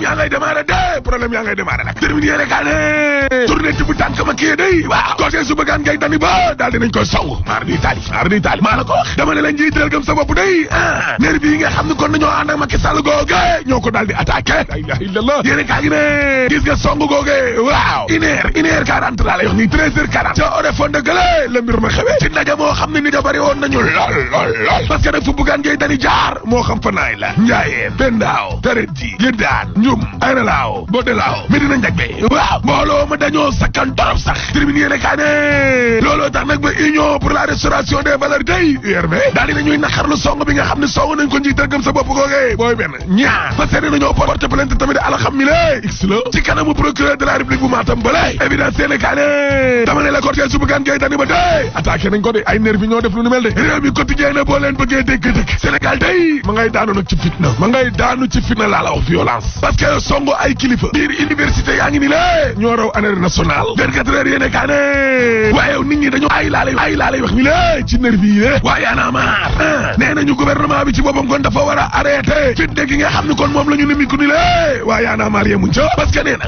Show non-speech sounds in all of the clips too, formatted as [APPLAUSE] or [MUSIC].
problème yaa ngay démarré de problème yaa ngay démarré nag terminé yéene kaa ne tourné ci bu tànk ma kii day waaw dossier su bëggaan ngay dani ba daal dinañ koy song maar di taali maar di taali maa ko wax dama ne la njiital gëm sa bii ah. nga xam ne kon nañoo ànd ak Macky Sall googe ñoo ko daal di attaqué la ilaha illallah gis nga song googe waaw une heure une heure quarante laa lay wax nii treize heures quarante ca orefonde gële la moo xam ne da bari woon Ndioum ayra laaw boode laaw Medina Ndiagbé waaw mbooloo ma dañoo sakkan torop sax tribune yéene kaa ne looloo tax nag ba union pour la restauration des valeurs day URV daal di nañuy naqarlu song bi nga xam ne song nañ ko njiital gëm sa bopp googee booy benn ñaar fa seeni nañoo porte plainte tamit alxam daanu nag ci fitna ma ngay daanu ci fitna laa la wax ca songo ay kilifa biir université yaa ngi ni lé raw année nationale vingt-quatre heures yéene kaa ne waaye nit ñi ay laalay ay ni lé ci nervi yi lé ah. bi ci boppam kon dafa war a arrêté na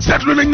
seetlu nañ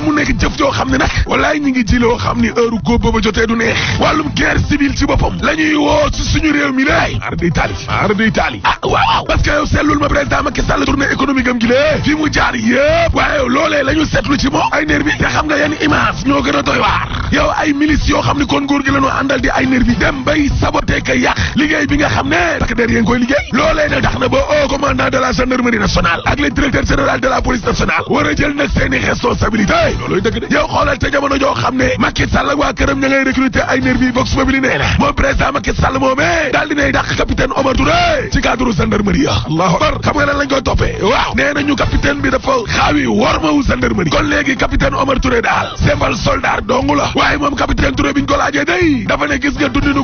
ni lé waaw nekk jëf joo xam ne nag walaay ñi ngi jiloo xam ni heure góob booba jotee du neex wàllum guerre civile ci boppam la ñuy woo suñu réew mi lay ar day taali ar day taali ah waaw parce que yow seetlul ma président Macky Sall tournée économique gi lée fi mu jaar yëpp waaye yow loolee la ñu seetlu ci moom ay nervi te xam na yenn image ñoo gën a doy waar yow ay milice yoo xam ni kon góor gi la ñu àndal di ay nervi dem bay saboté ka liggéey bi nga xam ne parce que koy liggéey loolee nag tax na ba au commandant de la gendarmerie nationale ak le directeur général de la a jël joo xam ne Macky Sall ak waa a ña ngay recruter ay nervi vox mobile nee na moom a Macky Sall moomee daal dinay dàq capitaine Omar Touré ci cadre gendarmerie ya allahu akbar xam nga lan lañ koy waaw nee nañu capitaine bi dafa xaawi wormawu gendarmerie kon léegi capitaine Omar Touré daal symbole soldat dong waaye moom capitaine Touré biñ ko day dafa ne gis nga dundinu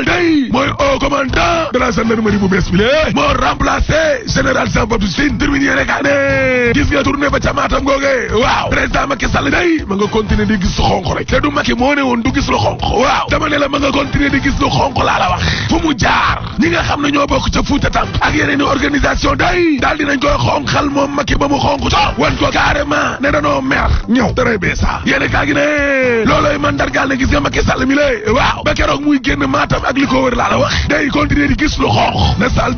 day mooy haut commandant de la gendarmerie bu bees bi lée moo remplacé général Jean Baptiste Tine termine yéene kaa ne gis nga tournée ba ca Matam googe waaw président Macky Sall day ma nga continuer di gis lu xonq rek te du Macky moo du gis lu xonq waaw dama ne la ma nga continuer di gis lu xonq laa la wax fu mu jaar ñi nga xam ne ñoo bokk i organisation day daal dinañ moom Macky ba mu xonq co wan ko carrément ne danoo mer ñëw très bien ça yéene kaa gi ne looloy mandargaal ne gis nga Macky Sall mi lay waaw ba keroog muy génn Matam ak li ko wër laa la wax day continuer di gis lu xonq na saal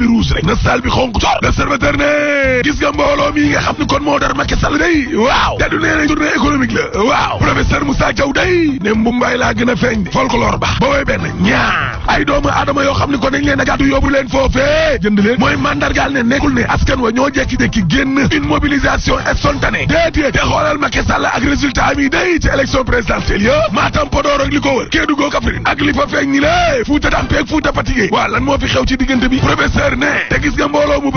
la l'observateur ne gis nga mbooloo mi nga xam ni kon moo dar Macky Sall day waaw te du nee nañ tournée économique la waaw professeur Moussa Diaw day ne mbumbaay laa gën a feeñ di folklore ba ba woy benn ay doomu aadama yoo xam ni kon dañ leen a gàddu yóbbu leen foofee jënd leen mooy mandargaal ne nekkul ne askan wa ñoo jekki-jekki génn une mobilisation spontanée déedéet te xoolal Macky ak résultat mi day ci élection présidentielle yo Matam Podor ak li ko la Fuuta Tampeeg Fuuta Fatigué waaw lan moo fi xew bi professeur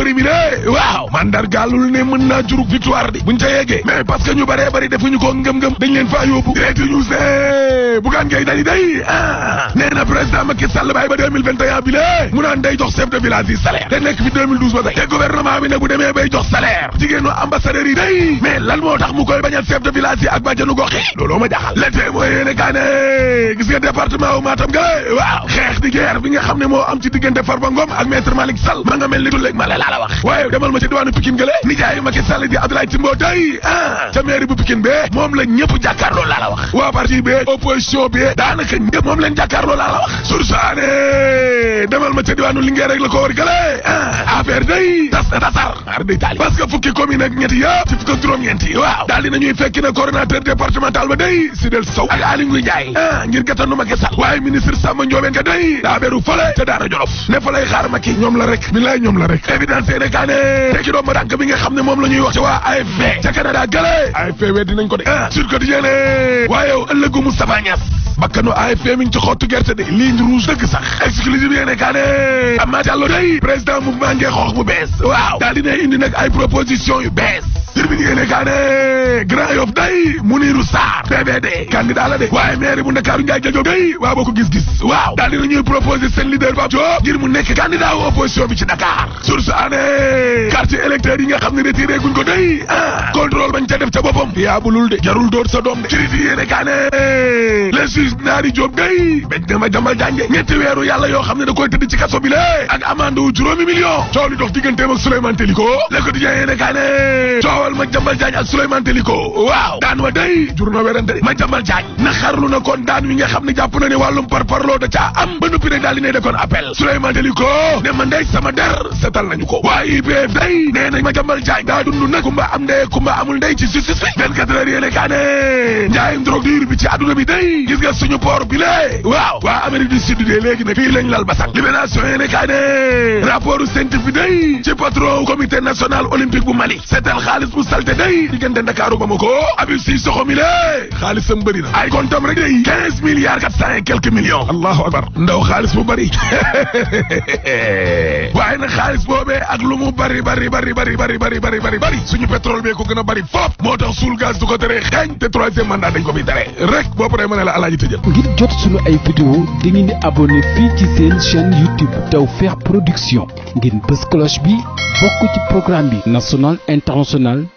bëri bi de waaw mandargaalul ne mën naa victoire di buñ ca yeggee mais parce ñu bëree bëri defuñu ko ngëm-ngëm dañ leen faa yóbbu direct news Bougane Gueye Dany day ah nee na président Macky Sall bàyyi ba 2021 bi lée mu naan day jox chef de village yi salaire te nekk ba tey te gouvernement bi ne bu demee bay jox salaire jigéenu ambassadeurs yi day mais lan moo tax mu koy bañal chef ak bàjjanu gox xeex di guerre bi nga xam ne moo am ci diggante Farba Ngom ak maître Malick Sall ma nga mel ni tulleeg ma laa la wax waaye demal ma ci diwaanu Pikine gële nijaayu Macky Sall di Abdoulaye Timbo day ah ca mairie bu opposition bi daanaka ñëpp moom leen jàkkaarloo laa ma ca diwaanu Linguère rek la ko war gële ah affaire day tas na tasar ar day taali parce que fukki yëpp ci fukk ak juróom-ñeent yi waaw na coordonnateur départemental ba day Sidel Sow ak Aly Ngouille Ndiaye ah ngir gàttandu Macky Sall waaye ministre Samba Ndiobène ka day daa beru fële ca daara Jolof ne fa lay xaar Macky ñoom la rek bilaay ñoom la rek évidence ne kaane tekki doom ba dànk bi nga xam ne moom la ñuy wax ci waa AFP ca Canada gële AFP dinañ ko de ah sur bakkanu AFP mi ngi ci xottu gerte de ligne rouge dëgg sax exclusive yéene kaa ne Amath Diallo day président mouvement ngee xoox bu bees waaw daal dina indi nag ay proposition yu bees tribune yéene kaa ne Grand Yoff day Mounirou Sarr PVD candidat la de waaye maire bu Ndakaaru Ndiaye Diadio day waa bokk gis-gis waaw daal dina ñuy proposé seen leader Pape Diop mu nekk candidat wu opposition bi ci Dakar source année quartier électeur yi nga xam ne retiré guñ ko day ah contrôle bañ ca def ca boppam yaa bulul de jarul dóor sa doom de critique yéene kaa ne le juge Naari Diop day bañ dama dama jànge ñetti weeru yàlla yoo xam ne da koy tëdd ci bi le ak amande wu juróomi million coow li dox digganteem coowal Madiambal Diagne ak Souleymane wa day jur na werante Madiambal Diagne naxarlu na kon daan wi nga xam ne jàpp na ne wàllum parparloo da caa am ba noppi nag da kon appel Souleymane Teliko ne ma ndey sama der setal nañu ko waa IPF day nee na Madiambal Diagne daa dund nag kumba am ndey kumba amul ndey ci justice bi 24 heures yéene kaa ne njaayum drogue waa Amérique du dee léegi nag fii lañ lal basang libération yéene kaa ne rapport scientifique ci patron comité national olympique bu Mali bu salte day diggante Ndakaaru ba ma ko Abib si soxo mi lé xaalisam bëri na ay kontam rek day quinze milliards quatre cent et quelques allahu akbar ndaw xaalis bu bëri [LAUGHS] waaye nag xaalis boobee ak lu mu bëri bëri bëri bëri bëri bëri bëri suñu pétrole bee ko gën a bëri fop moo tax suul gaz du ko tere xeeñ te troisième mandat dañ ko fi tere rek boo paree ma ne la alaaji tëjël ngir jot suñu ay vidéo di ngeen di fii ci seen chaîne YouTube Tawfekh Production ngeen bës cloche bi bokk